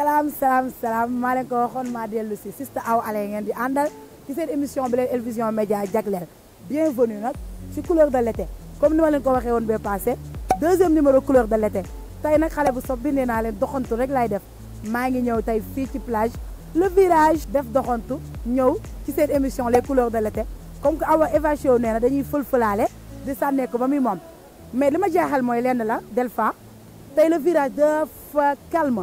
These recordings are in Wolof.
Salam salam salam maa leen ko waxoon maa dellu si Sista Awa Alé ngeen di andal ci cette émission bi leen Vision Média jagleel bienvenue nak ci couleur de l'été comme ni ma leen ko waxee won be passé deuxième numéro couleur de l'été tay nak xalé bu sob bi nee naa leen doxantu rek lay def ma ngi ñew tay ci plage le virage def doxantu ñew ci cette émission les couleurs de l'été comme que Awa évasion nee dañuy fël-fëlaale di sané ko ba mom mais li ma moy mooy lenn la Delpha tay le virage d'ef calme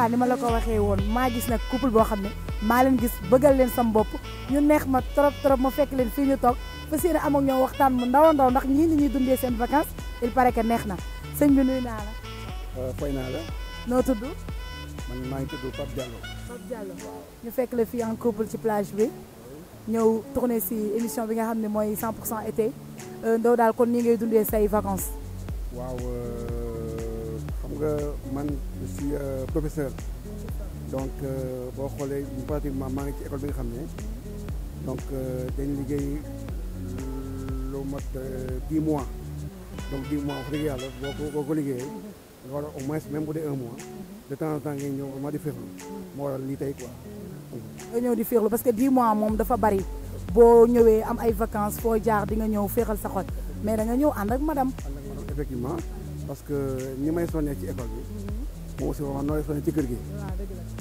fois ni ma la ko waxee woon maa gis nag couple boo xam ne maa leen gis bëggal leen sam bopp ñu neex ma trop trop ma fekk leen fii ñu toog fa seen am ak ñoom waxtaan mu ndaw ndaw ndax ñii ni ñuy dundee seen vacances il paraît que neex na sëñ bi nuyu naa la. Euh, fay naa la. noo tudd. man maa ngi tudd Pape Diallo. Pape Diallo ñu fekk la fii en couple ci plage bi ñëw tourné si émission bi nga xam ne mooy 100 pour cent été euh, ndaw daal kon nii ngay dundee say vacances. waaw. Euh, nga man je suis euh, professeur donc euh, bo xolé pratiquement maa ngi ci école bi nga xamné donc euh, dañ liggéey lu mat dix mois donc dix mois wax dëgg yàlla boo ko boo au moins même bu dee un mois de temps en temps ngay ñëw vraiment di féexlu mo waral li tay quoi. nga ñëw di féexlu parce que 10 mois mom dafa bari bo ñëwé am ay vacances fo jaar di nga ñëw féexal sa xol mais da nga ñëw ànd ak madame effectivement. parce que ni may sonnee ci école bi mhm. moom aussi man noo sonnee ci kër gi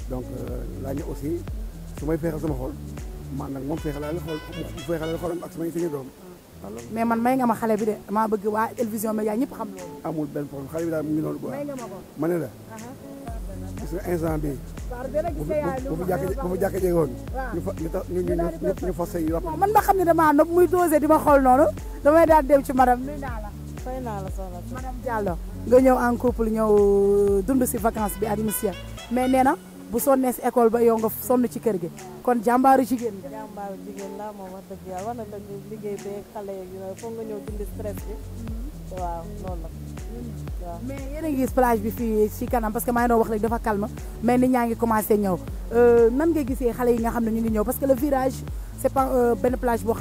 donc euh, laa ñu aussi su may feexal sama xol man nag moom feexalal xol feexalal xolam ak samay suñu doom mais man may nga ma xale bi de maa bëgg waa télévision média ñëpp xam loolu amul benn problème xale bi ma ne la gis nga instant bi bu fi jàkk bu fi jàkk jege woon ñu fas say man ma xam ne damaa nopp muy dosé di ma xool noonu damay daal dem ci madame fay naa la soxna si. madame Diallo nga ñëw en couple ñëw dund kon jàmbaaru jigéen nga. jàmbaaru jigéen laa moom wax dëgg yàlla wax na dëgg liggéey beeg stress bi waaw loolu la. waaw mais yéen a ngi gis plage bi fii ci kanam parce que maa ngi doon wax rek dafa calme mais nit ñaa virage c' est pas benn plage boo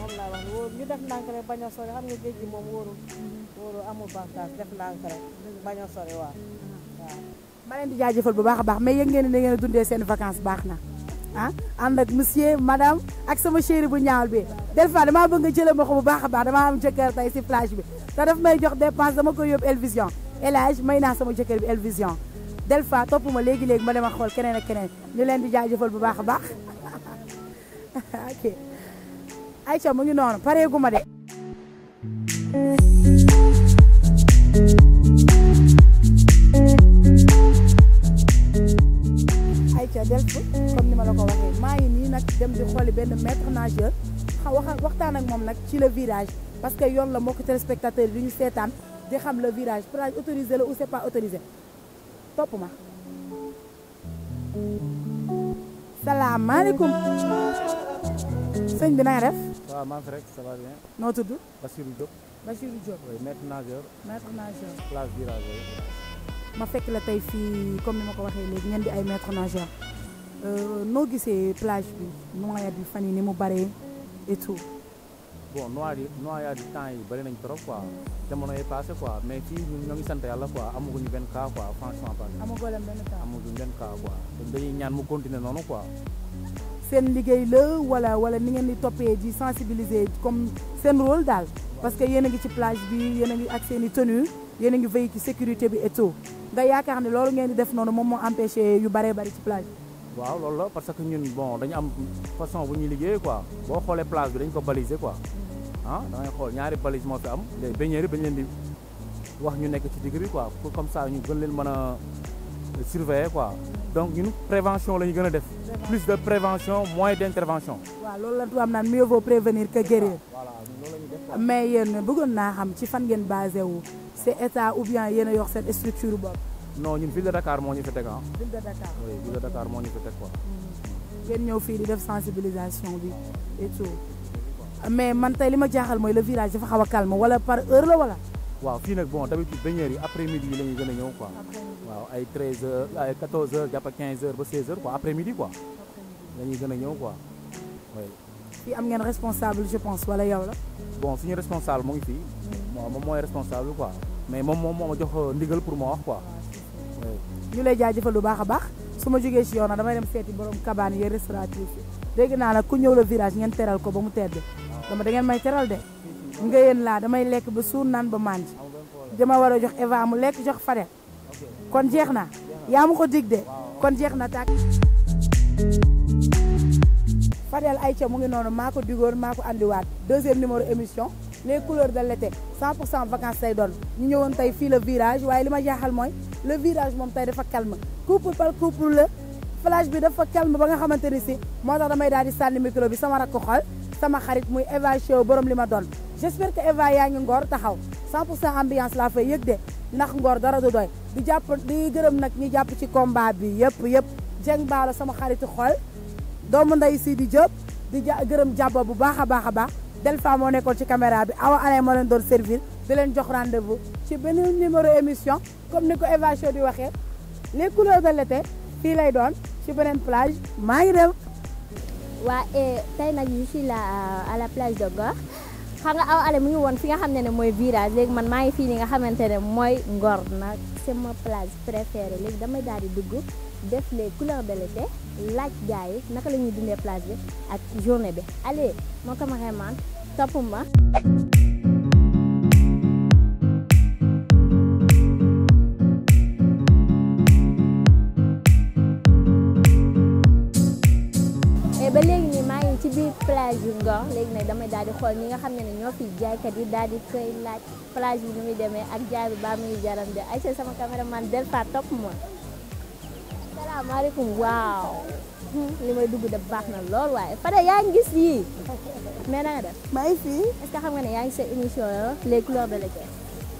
moom laa wax wóoru ñu def ndànk rek bañ a sori xam nga géej gi moom wóoru wóoru amul bànqaas def ndànk rek bañ a sori waaw waaw ma leen di jaajëfal bu baax a baax mais yëg ngeen ne ngeen a dundee seen vacances baax na ah ànd ak monsieur madame ak sama chéri bu ñaawal bi des fois damaa bëgg nga jëlee ma ko bu baax a baax damaa am jëkkër tey si plage bi te daf may jox dépense dama koy yóbbu El Vision El Hadj may naa sama jëkkër bi El Vision des fois topp ma léegi-léegi ma dem a xool keneen ak keneen ñu leen di jaajëfal bu baax a baax ok Aïcha mu ngi noonu guma dé Aïcha delfu comme ni ma la ko waxee ma ngi ni nak dem di xoli ben maître nageur wax waxtan ak mom nak ci le virage parce que yone la moko téléspectateur yi du ñu seetaan di xam le virage plage autorisé le ou c'est pas autorisé top ma. salaamaaleykum sëñ bi na nga def. waaw man rek ça va bien. noo tudd. Bassirou Diop. Bassirou Diop oui maître nageur. maître nageur. place ma fekk la tey fii comme ni ma ko waxee léegi ngeen di ay maître nageur euh, noo gisee plage bi noyade bi fan yi ni mu baree et tout. bon noyade noyade yi temps yi bëri nañ trop quoi jamono yi passé quoi mais fii ñun ñoo ngi sant yàlla quoi amaguñu benn cas quoi franchement parlé. amaguñu benn cas amaguñu benn cas quoi dañuy ñaan mu continuer noonu quoi. sen liggéey le wala wala ni ngeen di toppee di sensibiliser comme sen rôle daal parce que yéen a ngi ci plage bi yéen a ngi ak seen tenue yéen a ngi veillé ci sécurité bi et tout nga yaakaar ne loolu ngeen di def noonu mom mo empêcher yu bëree bëri ci plage waaw lolu la parce que ñun bon dañu am façon bu ñuy liggéey quoi bo xolé plage bi dañ ko baliser quoi han ah, da ngay xol ñaari balise mo fi am les baigneurs dañ leen di wax ñu nekk ci digg bi quoi comme ça ñu gën leen mëna surveiller quoi donc ñun prévention la ñu gën def. plus de prévention moins d'intervention. intervention. loolu la tubaab naan mieux vaut prévenir que guérir. voilà mais yéen bëggoon naa xam ci fan ngeen basé wu c'est état ou bien yéen a cette structure bopp. non ñun ville de Dakar moo ñu fi teg ah. ville de Dakar oui ville de Dakar moo ñu fi teg quoi. Mm. ngeen ñëw fii di def sensibilisation bi et tout mais man tey li ma jaaxal le village dafa xaw a calme wala par heure la wala waaw fii nag bon d'habitude baigneurs yi après midi yi la ñuy ñëw quoi waaw ay 13 h ay 14 heures jàpp 15 heures ba 16 heures quoi après midi quoi la ñuy gën ñëw quoi oui. Et am ngeen responsable je pense wala yow la. bon suñu responsable mu ngi fii. Mm. moom mooy responsable quoi mais moom moom moo ma jox euh, ndigal pour moi wax quoi. Ah, ñu lay jaajëfal lu baax a baax su ma jógee si yow nag damay dem seeti borom kabaan yi restauratrice dégg naa nag ku ñëw la virage ngeen teral ko ba mu tedd ah. dama da ngeen may teral de. ngëyeen laa damay lekk ba suur naan ba màndi dama war a jox Eva mu lekk jox Fadel kon jeex na yaa ma ko dig de kon jeex na tàkk Fadel Aïcha mu ngi noonu maa ko digoon maa ko andiwaat deuxième numéro émission les couleurs de l'été 100 pour cent vacances say doon ñu ñëwoon tey fii le virage waaye li ma jaaxal mooy le virage moom tey dafa calme couple par couple la flash bi dafa calme ba nga xamante ni si moo tax damay daal di sànni micro bi sama rakk xol sama xarit muy Eva borom li ma doon j'espère que Eva yaa Ngor taxaw 100 pour ambiance la fay yëg de ndax Ngor dara du doy di japp di gëreum nak ñi japp ci combat bi yëpp yëpp jeng Baalo sama xaritu xol doomu nday si di Diop di ja gërëm bu baaxa baaxa baax a baax Delpha ci caméra bi awa ale mo leen doon servir di leen jox rendez-vous ci benen numéro émission comme ni ko Eva Show di waxe les couleurs de l'été fi lay doon ci benen plage ma ngi dem. waa eh, tey nag ñu ci la à la plage de Ngor. xam nga aw ale mu ngi woon fi nga xam ne ne mooy virage léegi man maa ngi fii ni nga xamante ne mooy Ngor nag c'est ma place préférée léegi damay daal di dugg def les couleurs de l'été laaj gars yi naka la ñuy dundee place bi ak journée bi allez mon cameraman topp ma alors léegi nag damay daal di xool ñi nga xam ne ne ñoo fi jaaykat yi daal di koy laaj plage bi nu muy demee ak jaay bi ba muy jaram de ay seen sama caméraman Delpha topp ma salaamaaleykum waaw li may dugg de baax na lool waaye Fadel yaa ngi gis yii mais na nga def. maa ngi fi. est-ce que xam nga ne yaa ngi sa émission les couleurs de l'été.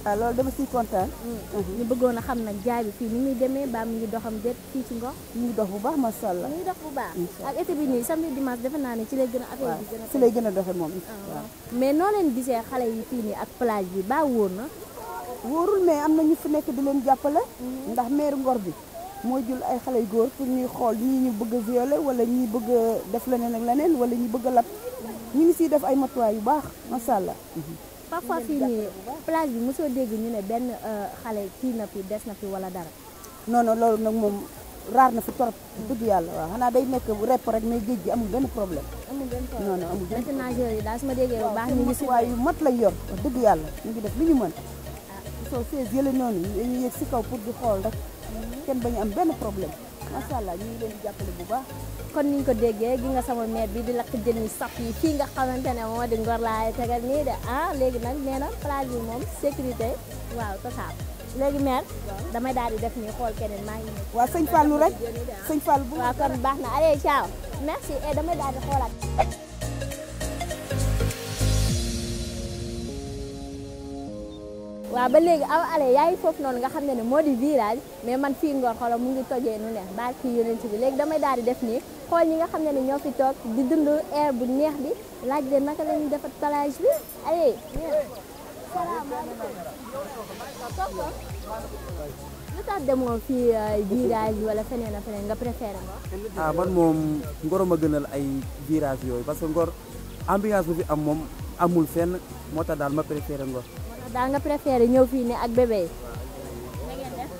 ah loolu dama siy kontaan. Mm. Mhm. ñu bëggoon a xam nag jaay bi fii ni muy demee ba mu ngi doxam déet fii ci ngox. ñu ngi dox bu baax macha allah. mu ngi dox bu baax. ak été bi nii samedi dimanche defe naa ne ci lay gën a. affaire bi gën a ci lay gën a doxee moom. Ah. mais noo leen gisee xale yi fii nii ak plage bi ba wóor na. wóorul mais am na ñu fi nekk di leen jàppale. Mhm. ndax maire Ngor bi moo jël ay xale yu góor pour ñuy xool ñii ñu bëgg a violer wala ñii bëgg def leneen ak leneen wala ñu bëgg a lab mhm. ñu ngi siy def ay matuwaay yu baax macha allah parfois fii nii plage bi mosoo dégg ñu ne benn euh, xale kii na fi des na fi wala dara. non non loolu nag moom raar na fi trop. dëgg yàlla waaw xanaa day nekk repp rek mais géej gi amul benn problème. amul benn problème non non amul benn problème yi daal su ma déggee bu baax ñu ngi si waaye yu mat lay yor dëgg yàlla ñu ngi def li ñu mën. Ah. soo sees yële noonu dañuy yëg si kaw pour di xool rek kenn bañu am benn problème. macha allah ñu ngi leen di jàppale bu baax. kon ni ñu ko déggee gi nga sama maire bi di lakk jën yi saf yi fii nga xamante ne moo di Ngor laay tegal nii de ah léegi nag nee na plage bi moom sécurité waaw total léegi maire damay daal di def nii xool keneen maa ngi nekk. waaw sëñ Fallou rek ah. sëñ Fallou bu. waaw kon baax na allez ciao merci et eh, damay daal di xoolaat. wa ba legi aw ale yaa fof non nga xamne ne modi virage mais man fi ngor xolo mu ngi toje nu ne barki yonent bi legi damay daal def ni xol yi nga xamne ne ne ñoo fi toog di dund air bu neex bi laaj de naka lañu ñuy defar plage bi allez lu ta demo fi euh, virage wala feneen na feneen nga préférer nga ah man mom ngor ma gënal ay virage yoy parce que ngor ambiance bi am mom amul fenn mota dal ma préférer ngor daal nga préféré ñëw fii ne ak bébé yi. na ngeen def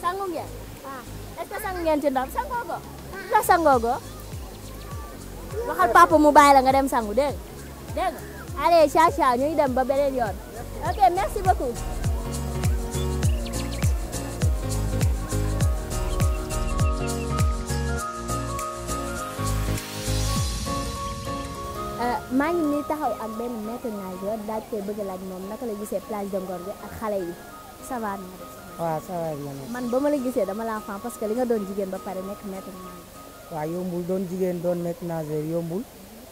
sangu ngeen. ah est ce que sangu ngeen ci ndox sangoo ko. ndax sangoo ko. waxal papa mu bàyyi la nga dem sangu dégg nga dégg nga allez ciao ciao ñuy dem ba beneen yoon ok merci beaucoup. maa ngi nii taxaw ak benn maître nageur daal koy bëgg laaj moom naka la gisee plage de Ngor bi ak xale yi ça va na waaw ça va man ba ma la gisee dama laa fan parce que li nga doon jigéen ba pare nekk maître nageur yombul doon jigéen doon maître nageur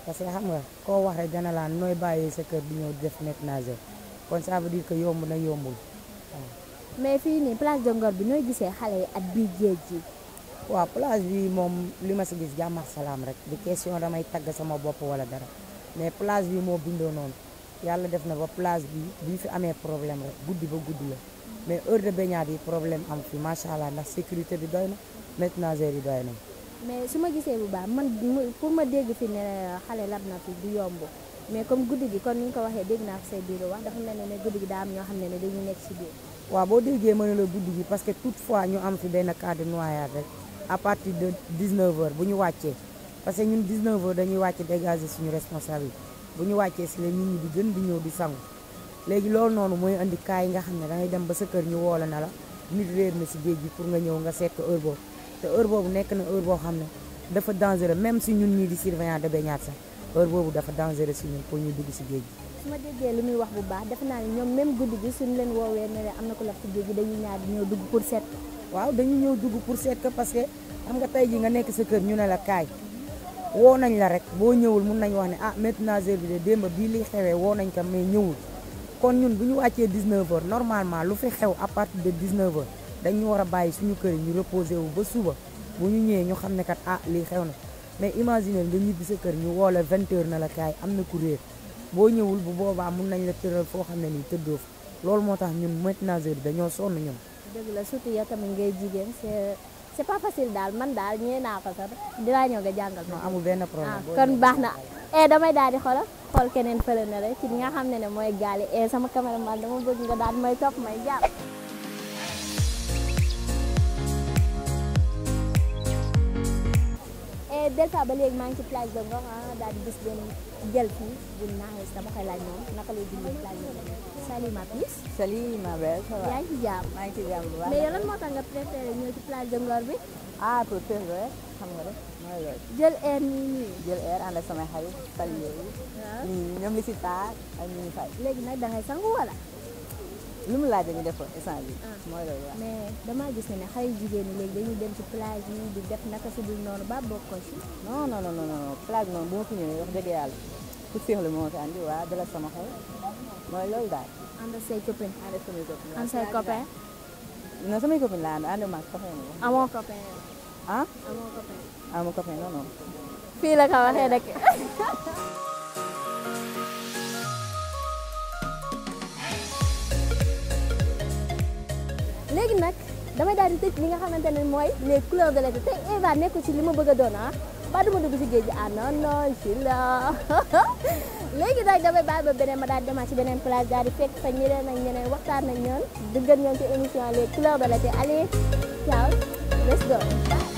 parce que xam nga koo wax rek dana nooy bàyyee sa kër di ñëw def maître nageur kon ça veut que yomb na yombul mais fii nii plage de Ngor bi nooy gisee xale yi at bii géej ji waaw plage bi moom li ma si gis jàmm ak salaam rek di question damay tagg sama bopp wala dara mais plage bi moo bindoo noonu yàlla def na ba plage bi bi fi amee problème rek guddi ba guddi la mais heure de baignade yi problème am fi macha allah ndax sécurité bi doy na maîtres-nageurs doy na. mais su ma gisee bu baax man pour ma dégg fi ne xale lab na fi yomb mais comme guddi gi kon ni nga ko waxee dégg naa say biir wax dafa mel ne guddi gi daa am ñoo xam ne ne dañu nekk si biir. waaw boo déggee mën la guddi gi parce que fois ñu am fi benn cas de noyade rek à partir de 19h bu ñu wàccee. parce que ñun 19 heures dañuy wàcc dégager suñu responsabilité bu ñu wàccee si la nit ñi di gën di ñëw di sangu léegi loolu noonu mooy indi cas yi nga xam ne dangay dem ba sa kër ñu woola na la nit réer na si géej gi pour nga ñëw nga seet ko heure boobu te heure boobu nekk na heure boo xam ne dafa dangereux même si ñun ñii di surveillant de baignade sax heure boobu dafa dangereux si ñun pour ñu dugg si géej gi su ma déggee lu muy wax bu baax defe naa ne ñoom même guddi gi suñu leen woowee ne am na ko laf ci géej gi dañuy waaw dañuy ñëw dugg pour seet parce que xam nga tey ji nga nekk sa kër ñu ne la kaay woo nañ la rek boo ñëwul mun nañ wax ne ah maître-nageur bi de démb bii li xewee woo nañ ko mais ñëwul kon ñun bu ñu wàccee 19h normalement lu fi xew à partir de 19h dañu war a bàyyi suñu kër yi ñu reposé wu ba suba bu ñu ñëwee ñu xam ne kat ah lii xew na mais imaginer nga ñibbi sa kër ñu woo la 20 na la kaay am na ku réer boo ñëwul bu boobaa mun nañ la tëral foo xam ne nii tëddoo loolu moo tax ñun maître-nageur bi dañoo sonn ñoom. c'est pas facile daal man daal ñëwee naa ko di dinaa ñëw nga jàngal ma. amul benn problème ah, kon baax na. e damay daal di xoolal xool keneen fële na ci li nga xam ne ne mooy gaal yi e sama cameraman dama bëgg nga daal may topp may jàpp. mais delta ba léegi maa ngi ci plage de Ngor ah daal di gis benn jël fii bu naaxee dama koy laaj moom naka lay dundee plage de Ngor. salut ma puce. salut ma belle ça va. yaa ngi ci jàmm maa ngi ci jàmm bu baax. mais yow lan moo bi. ah te préféré xam nga rek mooy loolu. jël air nii nii. jël air ànd ak samay xarit. waaw ah. ñoom li si taar ak ñu ngi léegi nag da ngay wala. Je ne laaj pas def ko bi ah. mooy loolu mais dama gis ne ne xale jigéen ñi léegi dañuy dem ci plage yi di def naka dul non non non non plage bu ma wax dëgg yàlla ku moo fi andi sama xel mooy loolu daal ànd ak say copine ànd ak samay copine ànd say non samay copine laa ànd ànd maag copain ah non non la léegi nag damay daal di tëj li nga xamante ne mooy les couleurs de l'été tey Eva nekku ci li ma bëgg a doon ah ba duma dugg ci géej gi ah non non ci la léegi nag damay bàyyi ba beneen ma daal di demaat ci beneen place daal di fekk fa ñeneen ak ñeneen waxtaan nañ ñoon dëggal ñoon ci émission les couleurs de l'été allez ciao let's go